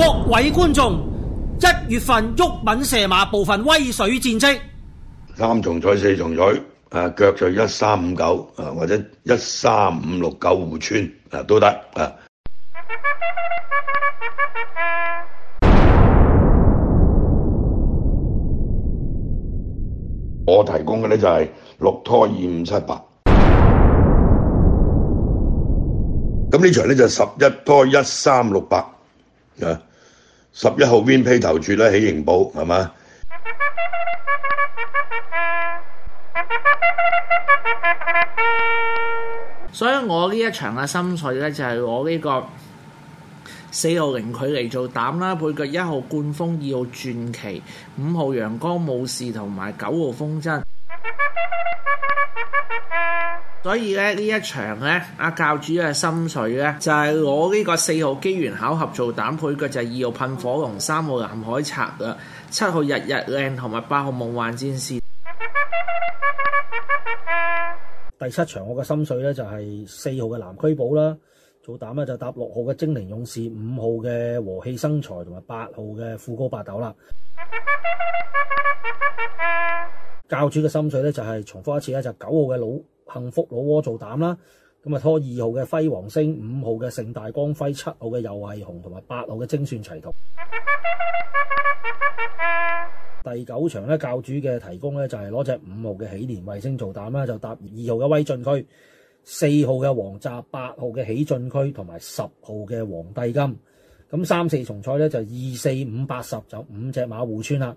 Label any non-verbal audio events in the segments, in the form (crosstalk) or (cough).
各位觀眾，一月份毓民射馬部分威水戰績，三重彩四重彩，誒、啊、腳就一三五九，誒、啊、或者一三五六九互村，啊都得啊。 (noise) 我提供嘅呢就係、是、六拖二五七八，咁呢場呢就是、十一拖一三六八啊。十一號 wind 批投注啦，喜盈寶係嘛，所以我呢一場嘅心水咧就係我呢個四號零距離做膽啦，配腳一號冠風，二號傳奇，五號陽光武士同埋九號風箏。所以咧呢一場咧，阿教主嘅心水咧就係我呢個四號機緣巧合做膽配嘅就係二號噴火龍、三號南海賊、七號日日靚同埋八號夢幻戰士。第七場我嘅心水咧就係四號嘅藍區寶啦，做膽咧就搭六號嘅精靈勇士、五號嘅和氣生財同埋八號嘅富高八斗啦。教主嘅心水咧就係重複一次咧就九號嘅老。幸福老窩做膽啦，咁啊拖二號嘅輝煌星，五號嘅盛大光輝，七號嘅尤毅雄同埋八號嘅精算齊同。 (music) 第九場咧教主嘅提供咧就係攞隻五號嘅喜連衛星做膽啦，就搭二號嘅威進區，四號嘅黃澤，八號嘅喜進區同埋十號嘅皇帝金。咁三四重賽咧就二四五八十就五隻馬戶村啦。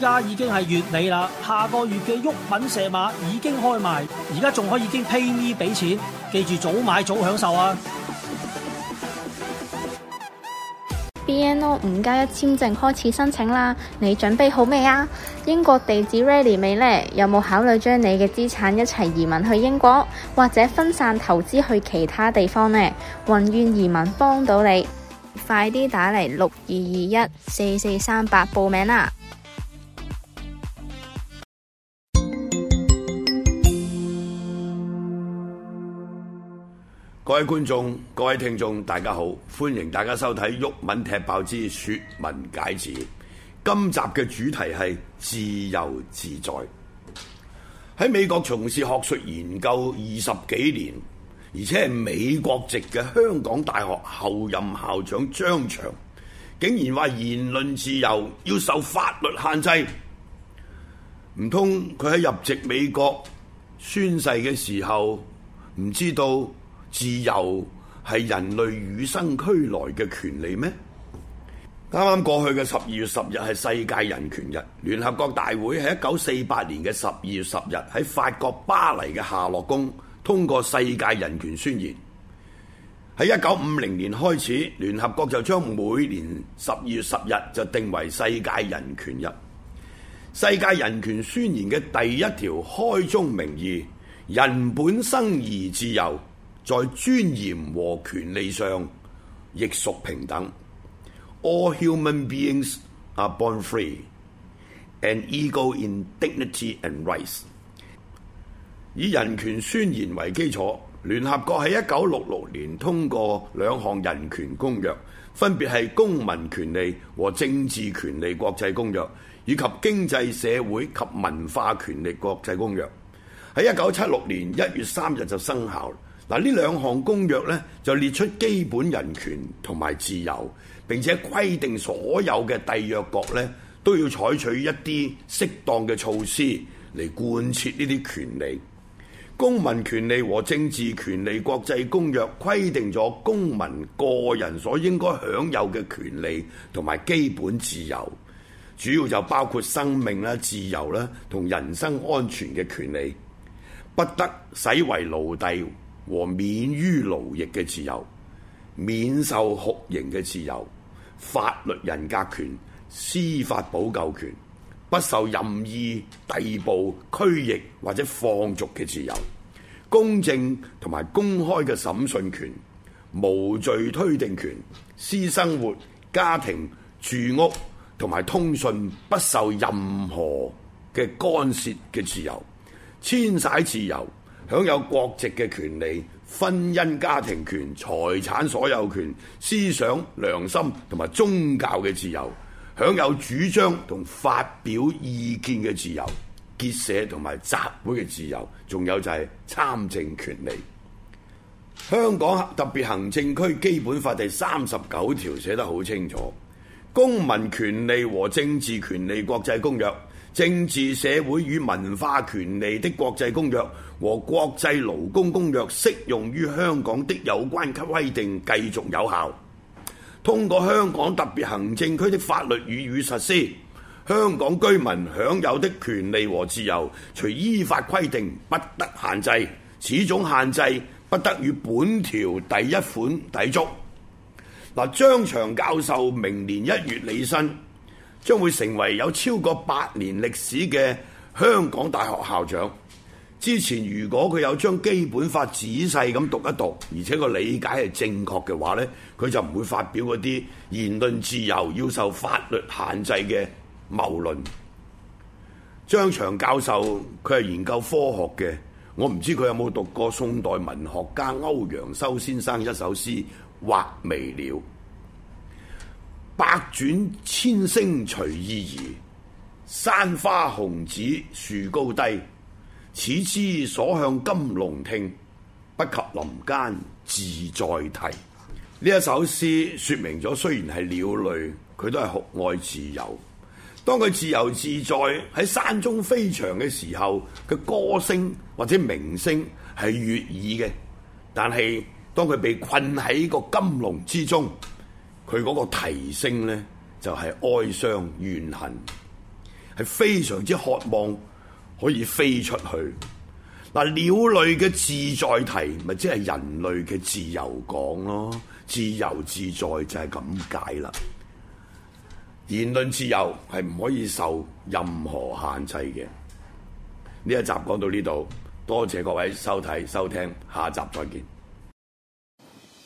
而家已經係月尾啦，下個月嘅沃品射馬已經開賣，而家仲可以經 pay me 俾錢，記住早買早享受啊！B N O 五加一簽證開始申請啦，你準備好未啊？英國地址 ready 未呢？有冇考慮將你嘅資產一齊移民去英國，或者分散投資去其他地方呢？宏願移民幫到你，快啲打嚟六二二一四四三八報名啦！各位觀眾、各位聽眾，大家好，歡迎大家收睇《毓民踢爆之說文解字》。今集嘅主題係自由自在。喺美國從事學術研究二十幾年，而且係美國籍嘅香港大學後任校長張翔，竟然話言論自由要受法律限制。唔通佢喺入籍美國宣誓嘅時候，唔知道？自由係人類與生俱來嘅權利咩？啱啱過去嘅十二月十日係世界人權日。聯合國大會喺一九四八年嘅十二月十日喺法國巴黎嘅夏樂宮通過世界人權宣言。喺一九五零年開始，聯合國就將每年十二月十日就定為世界人權日。世界人權宣言嘅第一條開宗明義：人本生而自由。在尊嚴和權利上亦屬平等。All human beings are born free and equal in dignity and rights。以人權宣言為基礎，聯合國喺一九六六年通過兩項人權公約，分別係《公民權利和政治權利國際公約》以及《經濟社會及文化權利國際公約》，喺一九七六年一月三日就生效。嗱，呢兩項公約咧，就列出基本人權同埋自由，並且規定所有嘅締約國呢，都要採取一啲適當嘅措施嚟貫徹呢啲權利。公民權利和政治權利國際公約規定咗公民個人所應該享有嘅權利同埋基本自由，主要就包括生命啦、自由啦同人身安全嘅權利，不得使為奴隸，和免於勞役嘅自由，免受酷刑嘅自由，法律人格權、司法補救權，不受任意逮捕、拘役或者放逐嘅自由，公正同埋公開嘅審訊權、無罪推定權、私生活、家庭、住屋同埋通訊不受任何嘅干涉嘅自由、遷徙自由。享有國籍嘅權利、婚姻家庭權、財產所有權、思想良心同埋宗教嘅自由，享有主張同發表意見嘅自由、結社同埋集會嘅自由，仲有就係參政權利。香港特別行政區基本法第三十九條寫得好清楚，公民權利和政治權利國際公約。政治社會與文化權利的國際公約和國際勞工公約適用於香港的有關規定繼續有效。通過香港特別行政區的法律予以實施，香港居民享有的權利和自由，除依法規定不得限制，此種限制不得與本條第一款抵觸。嗱，張長教授明年一月履新。將會成為有超過百年歷史嘅香港大學校長。之前如果佢有將基本法仔細咁讀一讀，而且個理解係正確嘅話呢，佢就唔會發表嗰啲言論自由要受法律限制嘅謬論。張翔教授佢係研究科學嘅，我唔知佢有冇讀過宋代文學家歐陽修先生一首詩《畫眉鳥》。百轉千聲隨意移，山花紅紫樹高低。始知鎖向金籠聽，不及林間自在啼。呢一首詩說明咗，雖然係鳥類，佢都係酷愛自由。當佢自由自在喺山中飛翔嘅時候，佢歌聲或者鳴聲係悅耳嘅。但係當佢被困喺個金籠之中。佢嗰個提升呢，就係哀傷、怨恨，係非常之渴望可以飛出去。嗱，鳥類嘅自在啼，咪即係人類嘅自由講咯。自由自在就係咁解啦。言論自由係唔可以受任何限制嘅。呢一集講到呢度，多謝各位收睇收聽，下集再見。